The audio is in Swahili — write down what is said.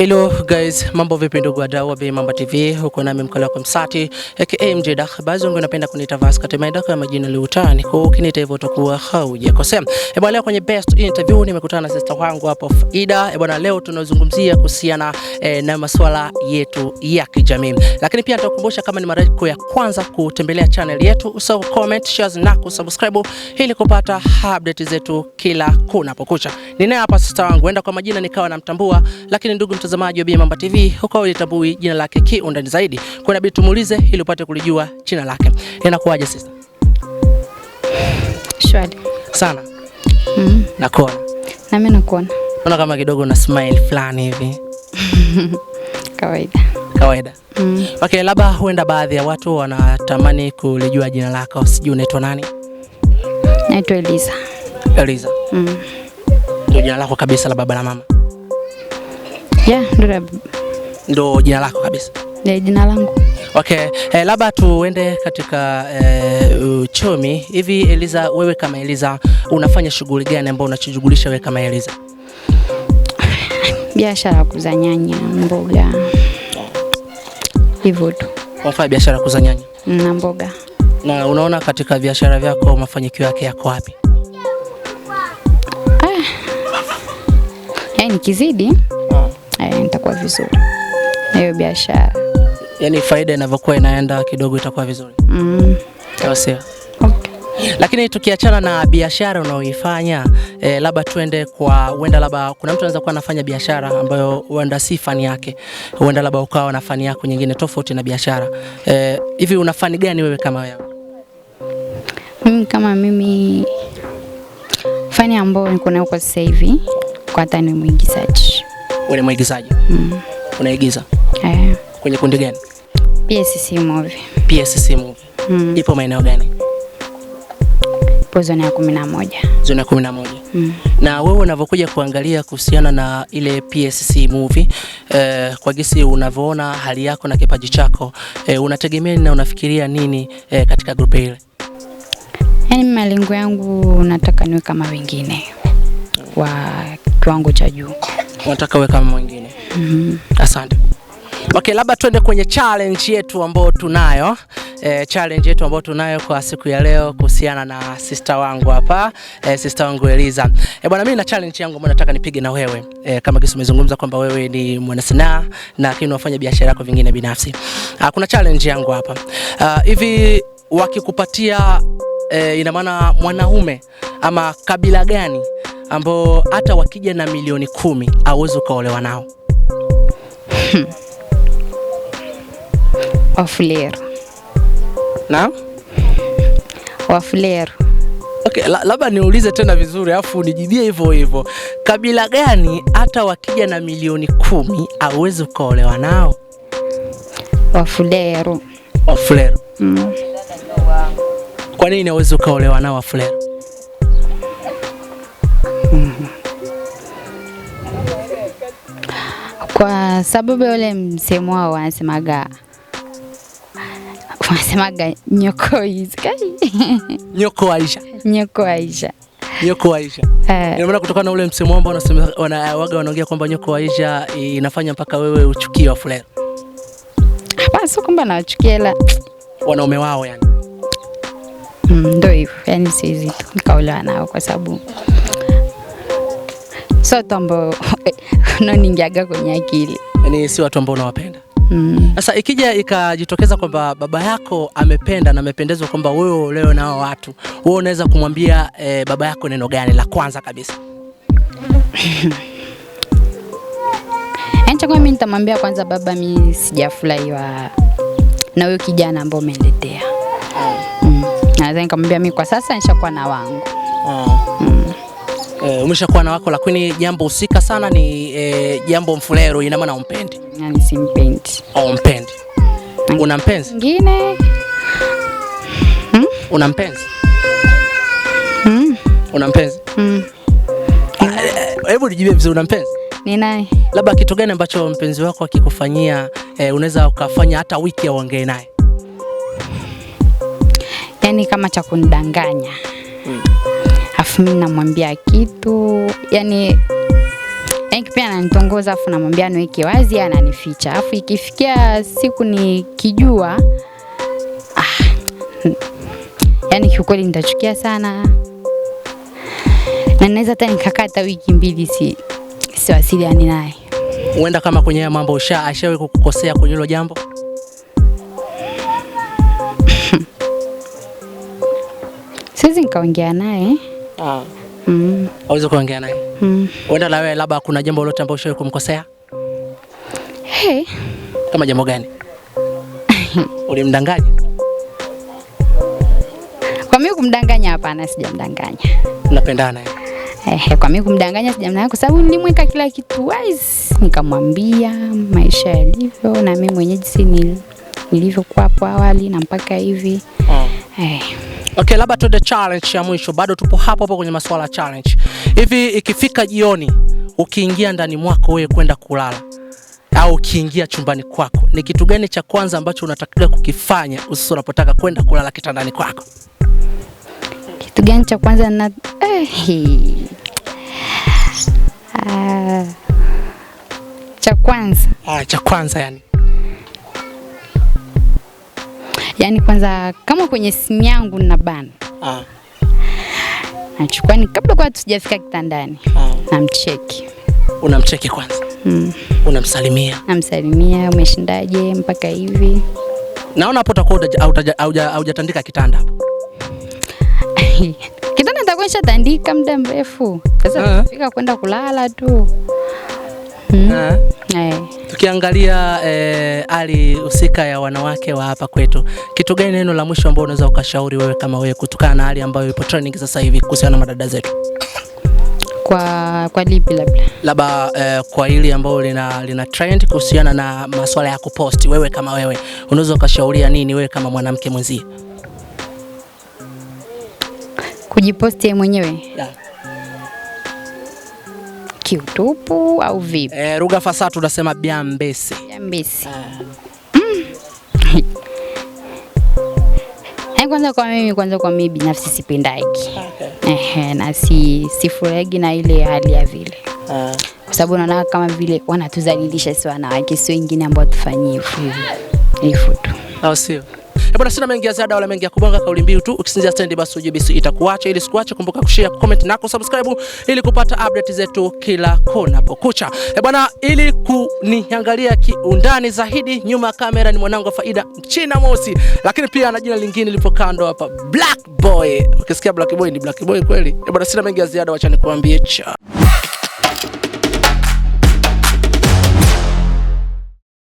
Hello guys, mambo vipi ndugu wadau wa Bimamba TV, huko nami mkali wa Msati aka MJ Dah. Baadhi wangu wanapenda kuniita Vasco Temaida kwa majina ya utani. Kwa hiyo ukiniita hivyo utakuwa haujakosea. Eh bwana, leo kwenye best interview nimekutana na sister wangu hapo Ida. Eh bwana, leo tunazungumzia kuhusiana eh, na masuala yetu ya kijamii. Lakini pia nitakukumbusha kama ni mara yako ya kwanza kutembelea channel yetu, usahau comment, share na kusubscribe ili kupata update zetu kila kunapokucha. Ninaye hapa sister wangu, enda kwa majina nikawa namtambua, lakini ndugu mtazamaji mtazamaji wa Biemamba TV, huko ulitambui jina lake kiundani zaidi, kwa inabidi tumuulize ili upate kulijua jina lake. Inakuwaje sasa? Shwari sana. Mm. Nakuona. Na mimi nakuona. Naona kama kidogo na smile fulani hivi. Kawaida. Kawaida. Mm. Okay, labda huenda baadhi ya watu wanatamani kulijua jina lako, sijui unaitwa nani? Naitwa Eliza. Eliza. Mm. Ndio jina lako kabisa la baba na mama? Yeah, ndo ndo jina lako kabisa? Yeah, jina langu. Okay, eh, labda tuende katika eh, uchumi hivi. Eliza, wewe kama Eliza unafanya shughuli gani ambayo unachojugulisha wewe kama Eliza? Biashara kuza nyanya, mboga hivyo tu. Unafanya biashara kuza nyanya mm, na mboga. Na unaona katika biashara vyako mafanikio yake yako wapi? Ah. Eh. Yaani eh, kizidi eh, nitakuwa vizuri na hiyo biashara. Yaani faida inavyokuwa inaenda kidogo itakuwa vizuri mm. Okay. Lakini tukiachana na biashara unaoifanya eh, labda tuende kwa uenda, labda kuna mtu anaweza kuwa anafanya biashara ambayo huenda si fani yake, huenda labda ukawa na fani yako nyingine tofauti na biashara eh, hivi. Eh, una fani gani wewe kama wewe? Mimi kama mimi fani ambayo niko nayo kwa sasa hivi kwa hata ni mwigizaji. Wewe ni mwigizaji mm. Unaigiza eh. Kwenye kundi gani? PSC Movie. PSC Movie. Mm. Ipo maeneo gani? Ipo zona ya 11. Zona ya 11. Mm. Na wewe unavyokuja kuangalia kuhusiana na ile PSC Movie eh, kwa gisi unavyoona hali yako na kipaji chako eh, unategemea na unafikiria nini eh, katika grupu ile? Yaani malengo yangu nataka niwe kama wengine wa kiwango cha juu wanataka uwe kama mwingine. Mm -hmm. Asante. Okay, labda tuende kwenye challenge yetu ambayo tunayo e, challenge yetu ambayo tunayo kwa siku ya leo kuhusiana na sister wangu hapa e, sister wangu Eliza. E, bwana mimi na challenge yangu ambayo nataka nipige na wewe e, kama kisi umezungumza kwamba wewe ni mwanasanaa na lakini unafanya biashara yako vingine binafsi. A, ah, kuna challenge yangu hapa ah, hivi, wakikupatia e, ina maana mwanaume ama kabila gani ambao hata wakija na milioni kumi hauwezi ukaolewa nao. Wafler. na Wafler. Okay, labda niulize tena vizuri afu nijibie hivyo hivyo. Kabila gani hata wakija na milioni kumi hauwezi ukaolewa nao? Wafuleru. Wafuleru. Mm. Kwa nini hauwezi ukaolewa nao wafuleru? Kwa sababu ule msemo wao wanasemaga wanasemaga nyoko Nyoko Aisha. Nyoko Aisha. Nyoko Aisha. Ina eh. maana kutokana na ule msemo ambao wanasema wanawaga wanaongea kwamba nyoko Aisha inafanya mpaka wewe uchukie fulani Hapana, sio kwamba nawachukia ila wanaume wao yani. Mm, ndio hivyo. yani sisi nikaolewa nao kwa sababu soto ambao naningiaga kwenye akili, yaani si watu ambao unawapenda mm. sasa mm. Ikija ikajitokeza kwamba baba yako amependa na amependezwa kwamba wewe leo nao watu, wewe unaweza kumwambia e, baba yako neno gani la kwanza kabisa? Acha yaani mimi nitamwambia kwanza, baba, mi sijafurahiwa na huyo kijana ambao umeniletea. Mm. mm. Naweza nikamwambia mimi kwa sasa nishakuwa na wangu. Ah. Mm. E, umeshakuwa na wako, lakini jambo husika sana ni e, jambo mfulero, ina maana umpendi? Yani simpendi. Oh, mpendi. Una mpenzi? Ngine. Hmm? Una mpenzi? Hmm. Una mpenzi? Hmm. Ah, eh, hebu nijibie vizuri, una mpenzi? Ni naye. Labda kitu gani ambacho mpenzi wako akikufanyia e, unaweza ukafanya hata wiki au ongee naye? Yaani kama cha kunidanganya afu mimi namwambia kitu yani pia ananitongoza afu namwambia niweke wazi, ananificha. Afu ikifikia siku nikijua, ah, yani kiukweli nitachukia sana, na naweza hata nikakata wiki mbili si siwasiliani naye. Huenda kama kwenye haya mambo usha ashawe kukukosea kwenye hilo jambo siwezi nikaongea naye Ah. Mm. kuongea naye. Mm. Wenda labda kuna jambo lolote ambalo ushawahi kumkosea? Hey. Kama jambo gani? Ulimdanganya? Kwa mimi kumdanganya, hapana, sijamdanganya. Unapendana yeye? Eh, kwa mimi kumdanganya sijamdanganya kwa sababu nilimweka kila kitu wazi, nikamwambia maisha yalivyo na mimi mwenyeji si nilivyokuwa hapo awali na mpaka hivi. Mm. Eh. Okay, labda tuende challenge ya mwisho. Bado tupo hapo hapo kwenye masuala ya challenge. Hivi ikifika jioni, ukiingia ndani mwako wewe kwenda kulala au ukiingia chumbani kwako, ni kitu gani cha kwanza ambacho unatakiwa kukifanya usiku unapotaka kwenda kulala kitandani kwako? Kitu gani cha kwanza na eh, ah, cha kwanza ah, cha kwanza yani Yaani kwanza kama kwenye simu yangu nina ban. Ah. Nachukua ni kabla kwa tujafika kitandani. Ah. Namcheki. Unamcheki kwanza? Mm. Unamsalimia. Namsalimia, umeshindaje mpaka hivi? Naona hapo utakuwa haujatandika kitanda Kitanda nitakuwa nishatandika muda mrefu. Sasa eh. nafika kwenda kulala tu. Mm. Eh. eh. Tukiangalia eh, hali husika ya wanawake wa hapa kwetu, kitu gani neno la mwisho ambao unaweza ukashauri wewe kama wewe kutokana na hali ambayo ipo trending sasa hivi kuhusiana na madada zetu? Kwa kwa lipi labda labda eh, kwa hili ambayo lina, lina trend kuhusiana na masuala ya kuposti, wewe kama wewe unaweza ukashauria nini wewe kama mwanamke mwenzie kujiposti mwenyewe yeah kiutupu au vipi? Eh, lugha fasaha tunasema biambese. Biambese. Eh. Hmm. Eh, kwanza kwa mimi, kwanza kwa mimi binafsi sipendagi. Okay. na si sifuragi na ile hali ya vile uh, kwa sababu naona kama vile wanatuzalilisha, si wanawake, si wengine ambao tufanyie hivyo tu, au sio? Bwana, sina mengi ya ziada wala mengi ya kubonga, kauli mbiu tu ukisinzia stendi basi ujue bisi itakuacha. Ili sikuache, kumbuka kushare, comment na kusubscribe ili kupata update zetu kila kona pokucha. Eh bwana, ili kuniangalia kiundani zaidi, nyuma ya kamera ni mwanangu Faida China Mosi, lakini pia ana jina lingine lipo kando hapa, Black Boy. Ukisikia Black Boy ni Black Boy kweli. Eh bwana, sina mengi ya ziada, wacha nikuambie cha